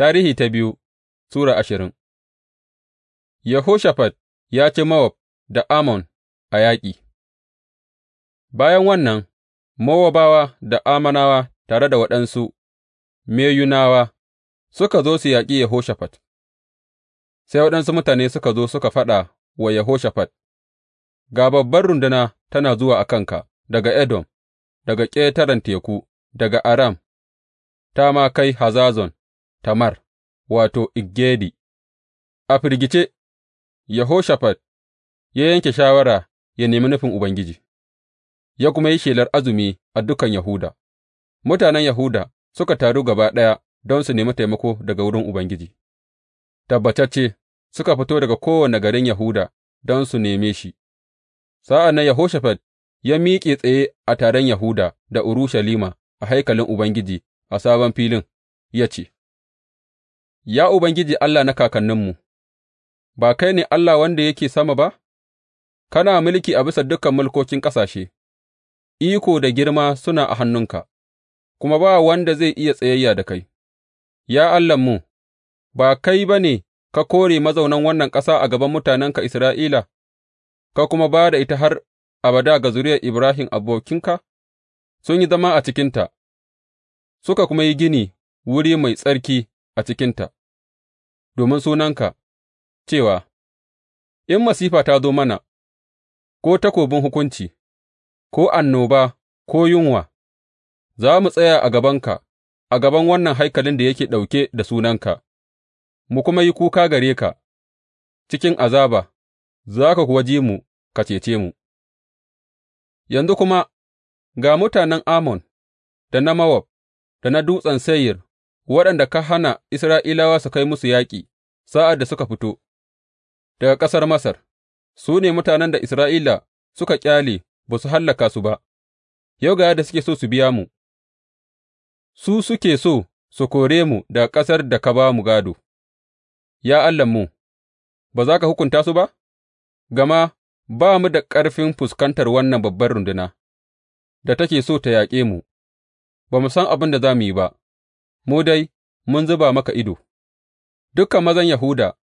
Tarihi ta biyu Sura ashirin Yehoshafat ya ci Mowab da Ammon a yaƙi Bayan wannan, Mowabawa da Ammonawa tare da waɗansu Meyunawa suka zo su yaƙi Yehoshafat, sai waɗansu mutane suka zo suka faɗa wa Yehoshafat, Ga babbar runduna tana zuwa a kanka daga Edom, daga ƙetaren teku, daga Aram, ta ma kai Hazazon. Tamar wato, Engedi A firgice, Yehoshafat ya yanke shawara ya nemi nufin Ubangiji, ya kuma yi shelar azumi a dukan Yahuda, mutanen Yahuda suka taru gaba ɗaya don su nemi taimako daga wurin Ubangiji, tabbatacce suka fito daga kowane garin Yahuda don su neme shi, sa'an nan Yehoshafat ya miƙe tsaye a taron Yahuda da Urushalima a haikalin Ubangiji a sabon filin, ya ce. Ya Ubangiji Allah na kakanninmu, ba kai ne Allah wanda yake sama ba, kana mulki a bisa dukan mulkokin ƙasashe, iko da girma suna a hannunka, kuma ba wanda zai iya tsayayya da kai, ya Allahnmu, ba kai ba ne ka kore mazaunan wannan ƙasa a gaban mutanenka Isra'ila, ka kuma ba da ita har abada ga zuriyar Ibrahim abokinka, sun yi zama a cikinta, suka kuma yi gini wuri mai tsarki. a cikinta domin sunanka, cewa, In masifa ta zo mana, ko takobin hukunci, ko annoba, ko yunwa, za mu tsaya a gabanka, a gaban wannan haikalin da yake ɗauke da sunanka, mu kuma yi kuka gare ka cikin azaba, za ka kuwa ji mu ka cece mu. Yanzu kuma ga mutanen Amon, da na Mawob, da na Dutsen Seyir waɗanda ka hana Isra'ilawa su kai musu yaƙi sa'ad da suka fito daga ƙasar Masar, su ne mutanen da Isra'ila suka ƙyale ba su hallaka su ba, yau ga yadda suke so su biya mu, su suke so su kore mu daga ƙasar da ka ba mu gādo, ya Allahnmu, ba za ka hukunta su ba? Gama ba mu da ƙarfin fuskantar wannan babbar runduna da take so ta yaƙe mu, ba mu san abin da za mu yi ba. mu dai mun zuba maka ido, dukan mazan Yahuda,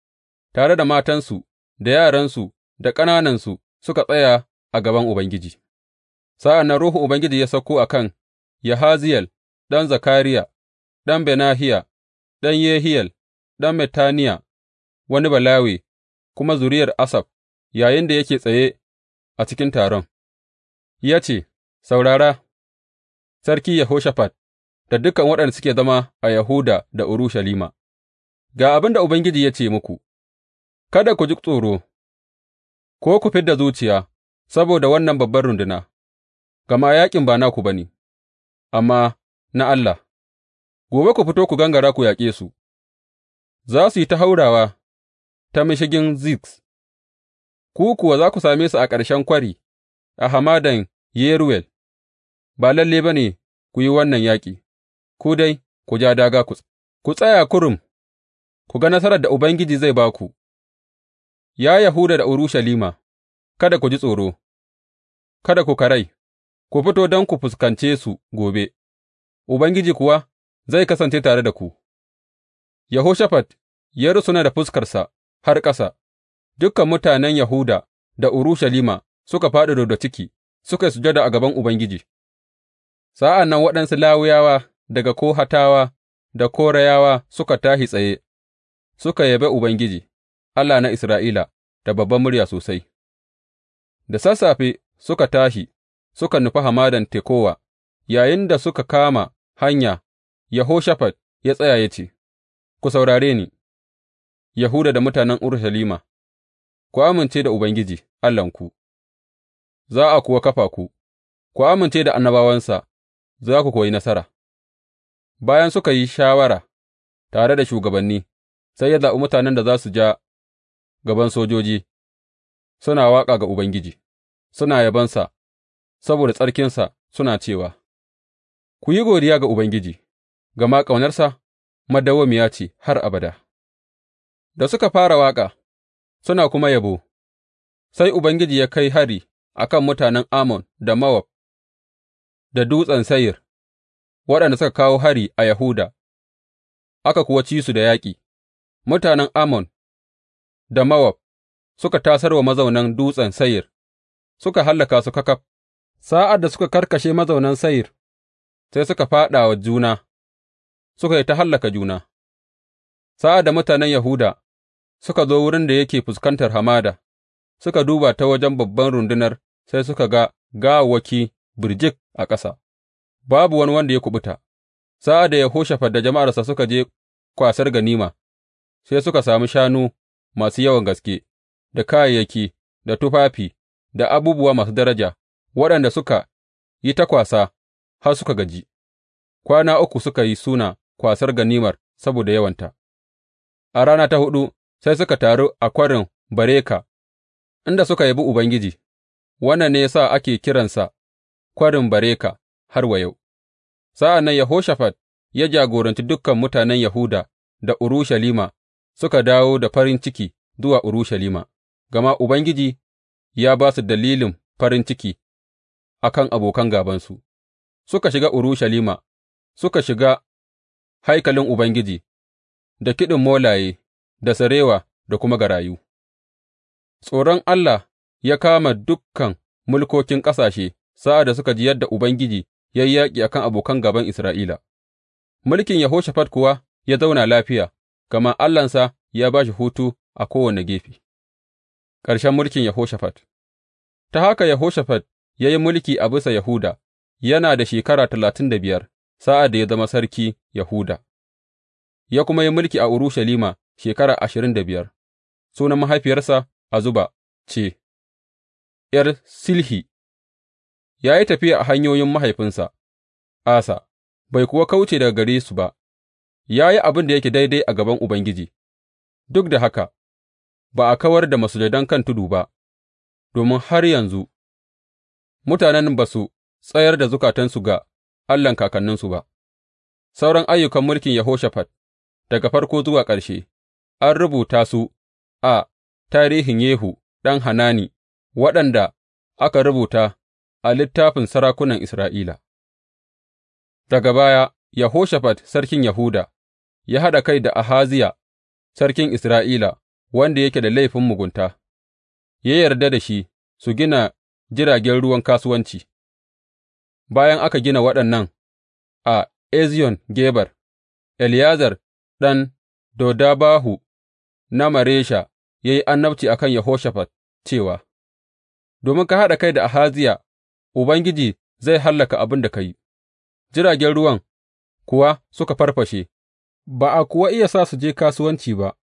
tare da matansu, da yaransu, da ƙananansu suka tsaya a gaban Ubangiji. Sa'an nan Ruhun Ubangiji ya sauko a kan Yahaziyel ɗan Zakariya, ɗan Benahiya, ɗan Yehiyel, ɗan Metaniya, wani Balawe, kuma zuriyar Asaf, yayin da yake tsaye a cikin taron, ya ce, Saurara, Sarki Yehoshafat da dukan waɗanda suke zama a Yahuda da Urushalima, Ga abin da Ubangiji ya ce muku, Kada ku ji tsoro, ko ku fidda zuciya saboda wannan babbar runduna, gama yaƙin ba naku ba ne, amma na Allah, gobe ku fito ku gangara ku yaƙe su, za su yi ta haurawa ta mashigin ziks. ku kuwa za ku same su a ƙarshen kwari a hamadan Yeruwel, ba lalle ba ne ku yi wannan yaƙi. ku dai ku ja dāgā ku tsaya kurum ku ga nasarar da Ubangiji zai ba ku, ya Yahuda da Urushalima, kada ku ji tsoro, kada ku karai, ku fito don ku fuskance su gobe, Ubangiji kuwa zai kasance tare da ku. yahushafat ya rusuna da fuskarsa har ƙasa, dukan mutanen Yahuda da Urushalima suka fāɗi rubda ciki suka yi sujada a gaban Ubangiji. Sa'an nan waɗansu Lawiyawa daga Kohatawa da Korayawa suka tashi tsaye suka yabe Ubangiji, Allah na Isra'ila, da Babban murya sosai, da sassafe suka tashi suka nufi hamadan Tekowa, yayinda suka kama hanya, Yehoshafat ya tsaya ya ce, Ku saurare ni, Yahuda da mutanen Urushalima, ku amince da Ubangiji Allahnku, za a kuwa kafa ku, ku amince da annabawansa, za ku koyi nasara. Bayan suka yi shawara tare da shugabanni, sai ya zaɓi mutanen da za su ja gaban sojoji, suna waƙa ga Ubangiji, suna yabonsa saboda tsarkinsa suna cewa, Ku yi godiya ga Ubangiji, gama ƙaunarsa madawwamiya ce har abada. Da suka fara waƙa, suna kuma yabo, sai Ubangiji ya kai hari a kan mutanen Ammon da Mawab da Dutsen Seyir. waɗanda suka kawo hari a Yahuda, aka kuwa ci su da yaƙi, mutanen Ammon da Mawab suka tasar wa mazaunan dutsen Sayir, suka hallaka su kakaf, sa'ad da suka karkashe mazaunan Sayir, sai suka fāɗa wa juna, suka yi ta hallaka juna. Sa'ad da mutanen Yahuda suka zo wurin da yake fuskantar hamada, suka duba ta wajen babban rundunar sai suka ga gawawwaki birjik a ƙasa. babu wani wanda ya kuɓuta, sa'ad da Yehoshafat da jama'arsa suka je kwasar ganima, sai suka sami shanu masu yawan gaske, da kayayyaki, da tufafi, da abubuwa masu daraja, waɗanda suka yi ta kwasa har suka gaji, kwana uku suka yi suna kwasar ganimar saboda yawanta. A rana ta hudu, sai suka taru a kwarin Bareka, inda suka yabi Ubangiji, wannan ne ya sa ake kiransa Kwarin Bareka. har wa yau. Sa'an nan Yehoshafat ya jagoranci dukan mutanen Yahuda da Urushalima suka dawo da farin ciki zuwa Urushalima, gama Ubangiji ya ba su dalilin farin ciki a kan abokan gābansu, suka shiga Urushalima, suka shiga haikalin Ubangiji da kiɗin molaye, da sarewa, da kuma garayu. Tsoron Allah ya kama dukan mulkokin ƙasashe sa'ad da suka ji yadda Ubangiji ya yi yaƙi a kan abokan gaban Isra'ila, mulkin Yehoshafat kuwa ya zauna lafiya, gama Allahnsa ya ba shi hutu a kowane gefe. Ƙarshen mulkin Yehoshafat Ta haka Yehoshafat ya yi mulki a bisa Yahuda, yana da shekara talatin da biyar sa'ad da ya zama sarki Yahuda, ya kuma yi mulki a Urushalima shekara ashirin da biyar, sunan mahaifiyarsa Azuba ce, ’yar Silhi. ya yi tafiya a hanyoyin mahaifinsa Asa, bai kuwa kauce daga gare su ba, ya yi abin da yake daidai a gaban Ubangiji, duk da haka ba a kawar da masujadan kan tudu ba, domin har yanzu mutanen ba su tsayar da zukatansu ga Allahn kakanninsu ba. Sauran ayyukan mulkin Yehoshaphat daga farko zuwa ƙarshe, an rubuta su a tarihin Yehu ɗan Hanani, waɗanda aka rubuta a littafin sarakunan Isra'ila Daga baya, Yehoshafat sarkin Yahuda ya haɗa kai da Ahaziya sarkin Isra'ila, wanda yake da laifin mugunta, ya yarda da shi su gina jiragen ruwan kasuwanci, bayan aka gina waɗannan a Eziyon Geber, Eliyazar ɗan Dodabahu na Maresha ya yi annabci a kan Yehoshafat cewa, Domin ka haɗa kai da Ahaziya Ubangiji zai hallaka abin da ka yi, jiragen ruwan kuwa suka farfashe, ba a kuwa iya sa su je kasuwanci ba.